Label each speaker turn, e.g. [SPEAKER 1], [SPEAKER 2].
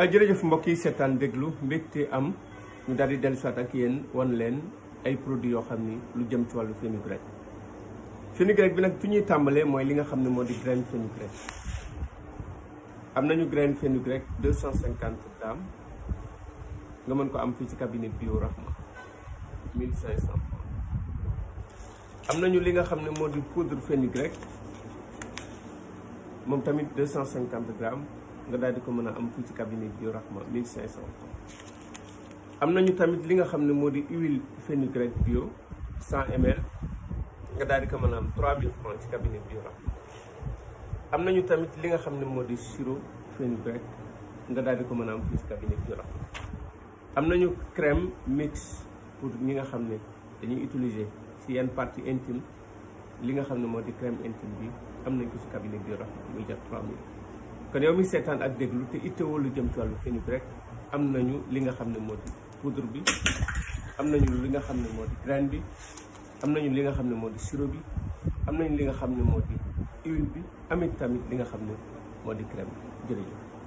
[SPEAKER 1] Euh, jërëjëf mbokk yi seetaan déglu mbégte am ñu daal di dellusiwaat ak yéen wan leen ay produit yoo xam ni lu jëm ci wàllu fenugrec fenugrec bi nag fi ñuy tàmbalee mooy li nga xam ne moo di graine fenugrec am nañu graine fenugrec deux cent cinquante grammes nga mën ko am fii ci cabinet bio nañu li nga xam ne moo di poudre fenugrec moom tamit deux cent cinquante grammes nga daal di ko mën a am fii ci cabinet Biorahma 1500. am nañu tamit li nga xam ne moo di huile fenugrec bio 100 ml nga daal di ko mën a am 3000 francs ci cabinet Biorahma. am nañu tamit li nga xam ne moo di sirop fenugrec nga daal ko mën a am fii ci cabinet nañu crème mix pour ñi nga xam ne dañuy utiliser ci yenn partie intime li nga xam ne moo di crème intime bi am nañ ko ci cabinet Biorahma muy jar kon yow mi seetaan ak déglu te ittewoo lu jëm ci wàllu fenugrec rek am nañu li nga xam ne moo di poudre bi am nañu li nga xam ne moo di graine bi am nañu li nga xam ne moo di sirop bi am nañu li nga xam ne moo di huile bi amit tamit li nga xam ne moo di crème bi jërëjëf